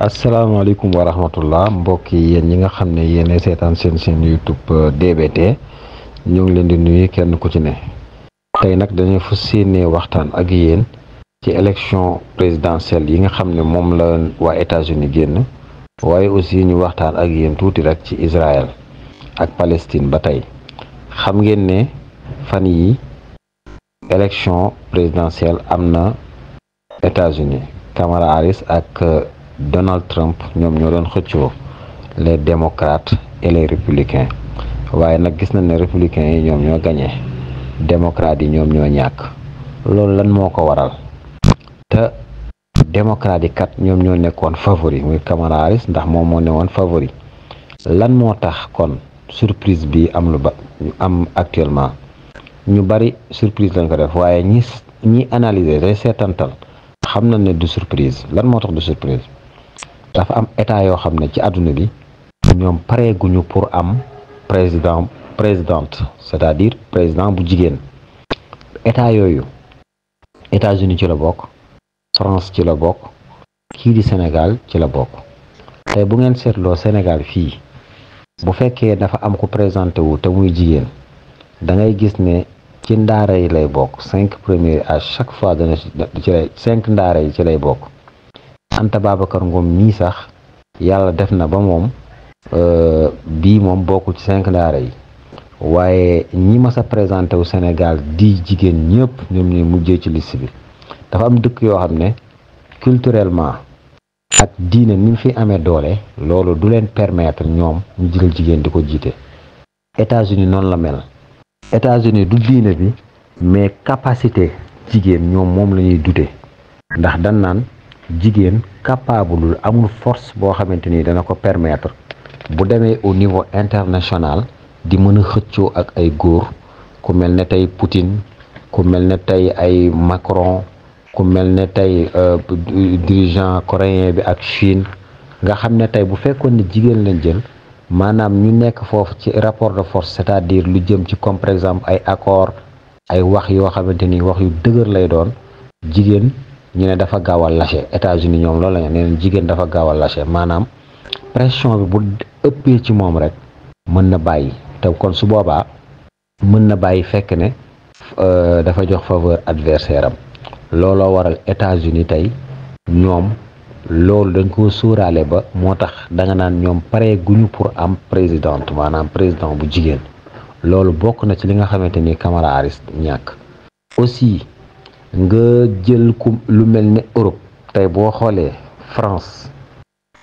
asalaamaaleykum wa rahmatullah mbokk yi yéen ñi nga xam ne yéen seetaan seen seen YouTube euh, DBT ñu ngi leen di nuyu kenn ku ci ne. tey nag dañu fa séenee waxtaan ak yéen ci élection présidentielle yi nga xam ne moom la waa États-Unis génn waaye aussi ñu waxtaan ak yéen tuuti rek ci Israël ak Palestine ba tey xam ngeen ne fan yi élection présidentielle am na États-Unis Kamala Harris ak. Euh, Donald Trump ñoom ñoo doon xëccoo les démocrates et républicain waaye nag gis nañ ne républicains yi ñoom ñoo gañe démocrates yi ñoom ñoo ñàkk loolu lan moo ko waral te démocrates yi kat ñoom ñoo nekkoon favori muy Kamala ndax moom moo ne woon favori lan moo tax kon surprise bi am lu ba am actuellement ñu bari surprise lañ ko def waaye ñi ñi analyser tey seetantal xam nañ ne du surprise lan moo tax du surprise dafa am état yoo xam ne ci àdduna bi ñoom pareeguñu pour am président présidente c'est-à-dire président bu jigéen état yooyu États-Unis ci la bokk France ci la bokk kii di Sénégal ci la bokk tey bu ngeen seetloo Sénégal fii bu fekkee dafa am ko présenté wu te muy jigéen da ngay gis ne ci ndaara yi lay bokk cinq premiers à chaque fois dana ci lay cinq ndaara yi ci lay bokk Anta Babacar Ngom mii sax yàlla def na ba moom euh, bii moom bokkul ci cinq daara yi waaye ñi mas a présenté wu Sénégal di jigéen ñëpp ñoom ñooy mujjee ci liste bi dafa am dëkk yoo xam ne culturellement ak diine ni mu fi amee doole loolu du leen permettre ñoom ñu jigéen di ko jiite. États-Unis noonu la mel. États-Unis du diine bi mais capacité jigéen ñoom moom la ñuy dute ndax dan naan. Jigen capable amul force bo xamanteni ni dana ko permettre bu demee au niveau international di mën a comme ak ay ku melne tay Poutine ku melne tay ay Macron ku melne tay euh dirigeant coréen bi ak Chine nga xamné tay bu fekkone Jigen lañ jël manam ñu nekk fofu ci rapport de force c'est-à-dire lu jëm ci comme par exemple ay accord ay wax yo xamanteni wax yu dëgër lay doon Jigen. ñu ne dafa gaaw a lâché États-Unis ñoom loolu la ñu ne jigéen dafa gaaw a maanaam pression bi bu ëppee ci moom rek mën na bàyyi te kon su boobaa mën na bàyyi fekk ne euh, dafa jox faveur adversaire am looloo waral États-Unis tey ñoom loolu dañ ko sóoraale ba moo tax da nga naan ñoom pare guñu pour am présidente maanaam président bu jigéen loolu bokk na ci li nga xamante ni Kamala Harris ñàkk aussi nga jël lu mel Europe tay bo xolé France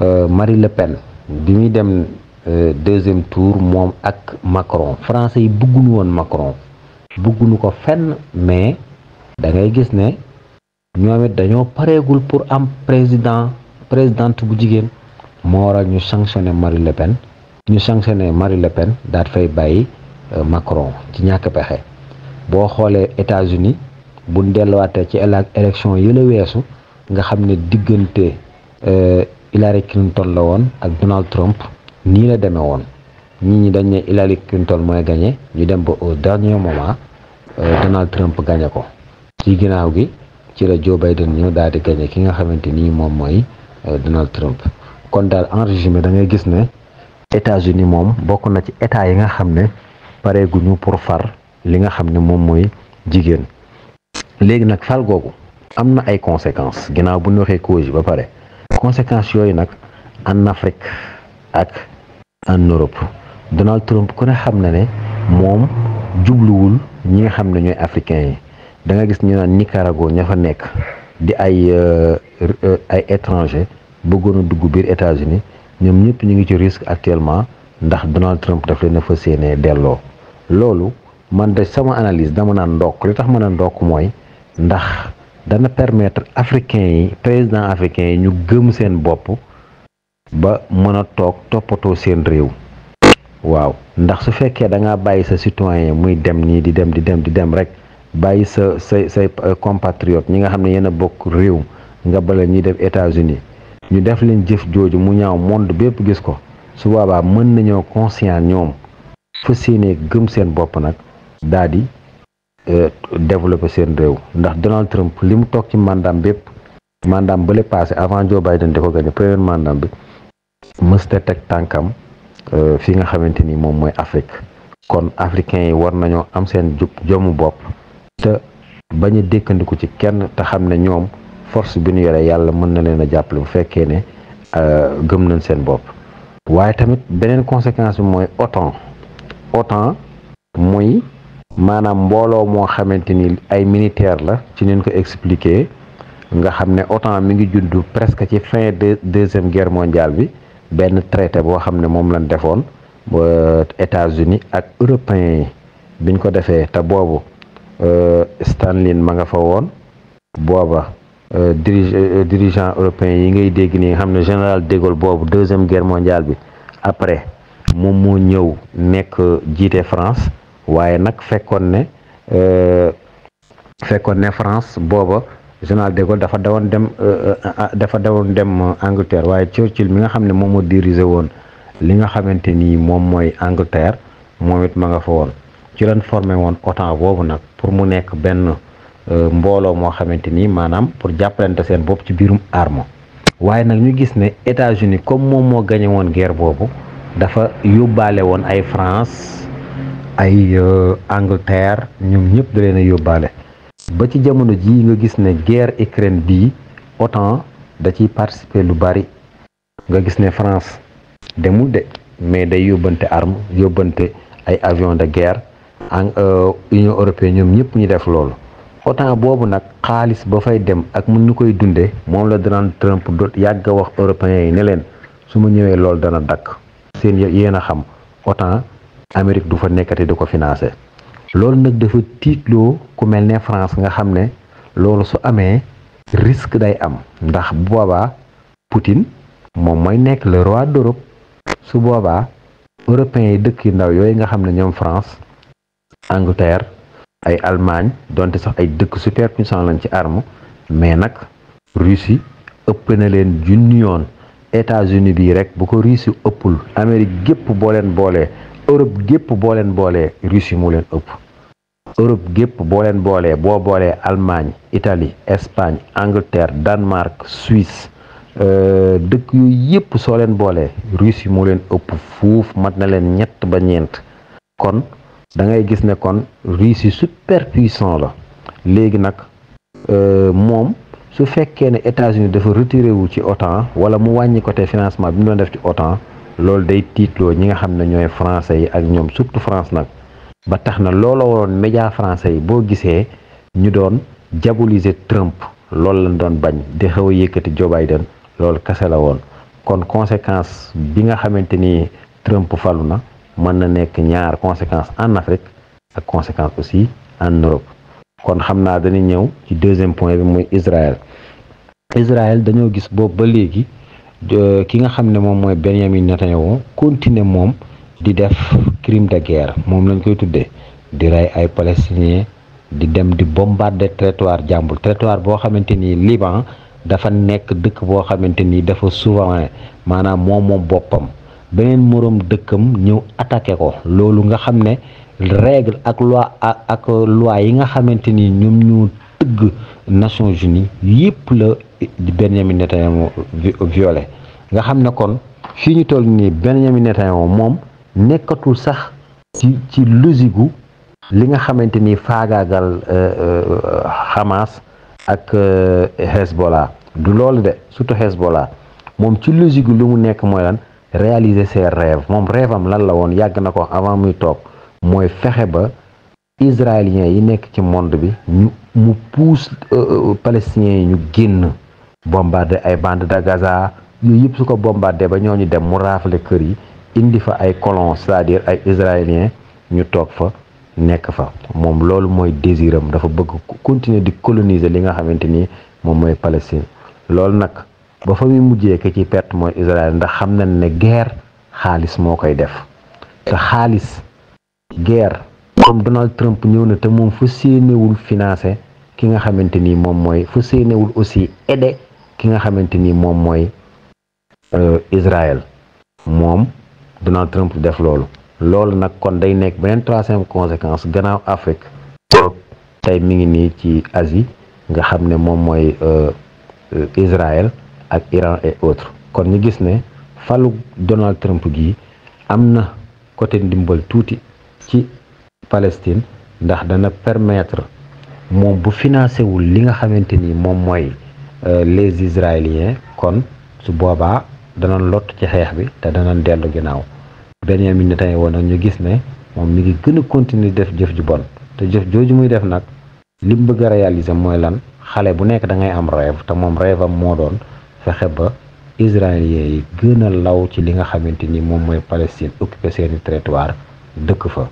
euh, Marie Le Pen bi muy dem euh, deuxième tour mom ak Macron français yi bëgguñu won Macron bëgguñu ko fenn mais da ngay gis né ñoomit dañoo parégul pour am président présidente bu jigéen moo waral ñu sanctionné Marie Le Pen ñu sanctionné Marie Le Pen daat fay bàyyi euh, Macron ci ñàkk pexe boo xoolee États-Unis buñ delluwaatee ci élection yi la weesu nga xam ne diggante euh, Hillary Clinton la woon ak Donald Trump nii la demee woon ñii ñi dañ ne Hillary Clinton mooy gagné ñu dem ba au dernier moment euh, Donald Trump gagné ko ci ginnaaw gi ci la Joe Biden ñëw daal di gagné ki nga xamante nii moom mooy euh, Donald Trump kon daal en résumé da ngay gis ne États-Unis moom bokk na ci état yi nga xam ne pareeguñu pour far li nga xam ne moom mooy jigéen léegi nak fal googu amna ay conséquences ginaaw bu ñu waxee ba paré conséquences yoy nak en Afrique ak en Europe Donald Trump ku ne xam na ne moom jubluwul ñi nga xam ne ñooy africains yi da nga gis ñu naan Nicaragua ña fa nekk di ay euh, ay étranger bëggono a dugg biir États-Unis ñom ñepp ñi ngi ci risque actuellement ndax Donald Trump daf leen a fas yéenee lolu man de sama analyse dama nan ndokk li tax man nan ndokk moy ndax dana permettre africain yi président africain ñu gëm seen bop ba mëna tok topoto seen réew waaw ndax su fekke da nga bayyi sa citoyen muy dem ni di dem di dem di dem rek bayyi sa say say euh, compatriote ñi nga xamne yena bok réew nga bala ñi def États-Unis ñu def leen jëf joju mu ñaaw monde bëpp gis ko su baba mën nañu conscient ñom fassiyene gëm seen bop nak dadi Euh, développer seen réew ndax Donald Trump li mu toog ci mandaam bépp mandaam bële passé avant Joe Biden di ko gagné premier mandaam bi mësta teg tànkam euh, fi nga xamante ni moom mooy Afrique kon africains yi war nañoo am seen jub jomu bopp te bañ a dékkandiku ci kenn te xam ne ñoom force bi nu yore yàlla mën na leen a jàppale bu fekkee ne euh, gëm nañ seen bopp waaye tamit beneen conséquence bi mooy OTAN OTAN mooy maanaam mbooloo moo xamante ni ay militaire la ci neen ko expliquer nga xam ne OTAN mi ngi juddu presque ci fin de deuxième guerre mondiale bi benn traité boo xam ne moom lañ defoon ba États-Unis ak européens yi biñ ko defee te boobu euh, Stanley ma nga fa woon booba euh, diri euh, dirigeant européen yi ngay dégg nii nga xam ne général de Gaulle boobu deuxième guerre mondiale bi après moom moo ñëw nekk jiite France waaye nag fekkoon ne euh, fekkoon ne France booba général de Gaulle dafa dawoon dem euh, euh, ah, dafa dawoon dem Angleterre waaye Churchill mi nga xam ne moom moo dirigé woon li nga xamante ni moom mooy Angleterre moom ma nga fa woon ci lañ formé woon OTAN boobu nag pour mu nekk benn mbooloo moo xamante ni maanaam pour jàppalante seen bopp ci biirum armo waaye nag ñu gis ne États-Unis comme moom moo gañe woon guerre boobu dafa yóbbaale woon ay France ay euh, Angleterre ñoom ñëpp da a yóbbaale ba ci jamono jii nga gis ne guerre Ukraine bii OTAN da ciy participer lu bari nga gis ne France demul de mais day yóbbante arme yóbbante ay avion de guerre en euh, Union européenne ñoom ñëpp ñu def loolu OTAN boobu nag xaalis ba fay dem ak mën ñu koy dundee moom la Donald Trump do yàgg a wax européens yi ne leen su ma ñëwee loolu dana dakk seen yéen a xam OTAN Amérique du fa nekkati du ko financé loolu nag dafa tiitloo ku mel ne France nga xam ne loolu su amee risque day am ndax bu boobaa Poutine moom mooy nekk le roi d'Europe su boobaa européens yi dëkk yu ndaw yooyu nga xam ne ñoom France Angleterre ay Allemagne donte sax ay dëkk superpuissant lañ ci arme mais nag Russie ëpp na leen junni yoon États-Unis bii rek bu ko Russie ëppul Amérique gépp boo leen boolee Europe gep bo len bolé Russie moo len ëpp Europe gep bo len bolé bo bolé Allemagne Italie Espagne Angleterre Danemark Suisse euh, dekk yooyu yëpp so len bolé Russie moo len ëpp fouf mat na len ñett ba ñent kon da ngay gis ne kon Russie puissant la nak euh mom su fekkee ne États-Unis dafa retirer wu ci OTAN wala mu wañi côté financement bi mu def ci OTAN loolu day tiitloo ñi nga xam ne ñooy français yi ak ñoom surtout France nag ba tax na loola waroon média français yi boo gisee ñu doon diaboliser Trump loolu lañ doon bañ di xew a yëkkati Joe Biden loolu kase la woon kon conséquence bi nga xamante ni Trump falu na mën na nekk ñaar conséquence en Afrique ak conséquence aussi en Europe kon xam naa dañu ñëw ci deuxième point bi muy Israël Israël dañoo gis boobu ba léegi ki nga xam ne moom mooy Benjamin Netanyahu continuer moom di def crime de guerre moom lañ koy tuddee di rey ay palestiniens di dem di bombarder territoire jàmbur territoire boo xamante ni Liban dafa nekk dëkk boo xamante ni dafa souverain maanaam moom moom boppam beneen moroom dëkkam ñëw attaqué ko loolu nga xam ne règle ak loi ak loi yi nga xamante ni ñoom ñu tëgg Nations Unies yëpp la Benjamin Netanyahu violé nga xam kon fii ñu toll nii Benjamin Netanyahu tout nekkatul sax ci ci logique li nga xamanteni ni faagaagal euh, euh, Hamas ak euh, Hezbollah du loolu de surtout Hezbollah mom ci logique lu mu nekk moy lan réaliser ses rêves Mon rêve am lan la won yag nako avant muy tok moy fexé ba israéliens yi nekk ci monde bi ñu mu pousse euh, euh, palestiniens yi ñu génn bombardé ay bande de Gaza yooyu yëpp su ko bombardé ba ñoo ñu dem mu raafale kër yi indi fa ay colons cest à ay israéliens ñu toog fa nekk fa moom loolu mooy désiram dafa bëgg continuer di coloniser li nga xamante ni moom mooy Palestine loolu nag ba fa mujjee ke ci perte mooy Israël ndax xam nañ ne guerre xaalis moo koy def te xaalis guerre comme Donald Trump ñëw na te moom fa séenewul financer ki nga xamante ni moom mooy fu séenewul aussi aidé ki nga xamante ni moom mooy euh, Israël moom Donald Trump def loolu loolu nag kon day nekk beneen troisième conséquence gannaaw Afrique tey mi ngi nii ci Asie nga xam ne moom mooy euh, Israël ak Iran et autres kon ñu gis ne falu Donald Trump gii am na côté ndimbal tuuti ci Palestine ndax dana permettre moom bu financé wul li nga xamante ni moom mooy euh, les israéliens kon su boobaa danañ lott ci xeex bi te danañ dellu ginnaaw Benyamin Netanyahu woon nag ñu gis ne moom mi ngi gën a continuer def jëf ju bon te jëf jooju muy def nag lim bëgg a réaliser mooy lan xale bu nekk da ngay am rêve te moom rêve am moo doon fexe ba israéliens yi gëna law ci li nga xamante ni moom mooy Palestine occupé seeni territoire dëkk fa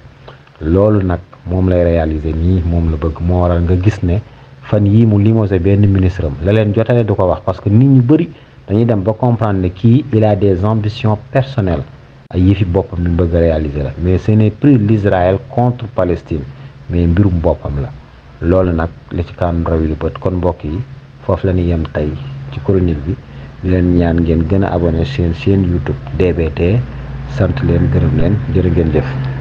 loolu nag moom lay réaliser nii moom la bëgg moo waral nga gis ne fan yii mu limosé benn ministre am la leen jotale du ko wax parce que nit ñu bëri dañuy dem ba comprendre ne kii il a des ambitions personnelles ay fi boppam ñu bëgg a réaliser la mais ce n'est plus l'Israël contre Palestine mais mbirum boppam la loolu nag li ci kanam raw lu kon mbokk yi foofu la ñu yem tey ci chronique bi di leen ñaan ngeen gën a abonné seen seen YouTube DBT sant leen gërëm leen jërë ngeen jëf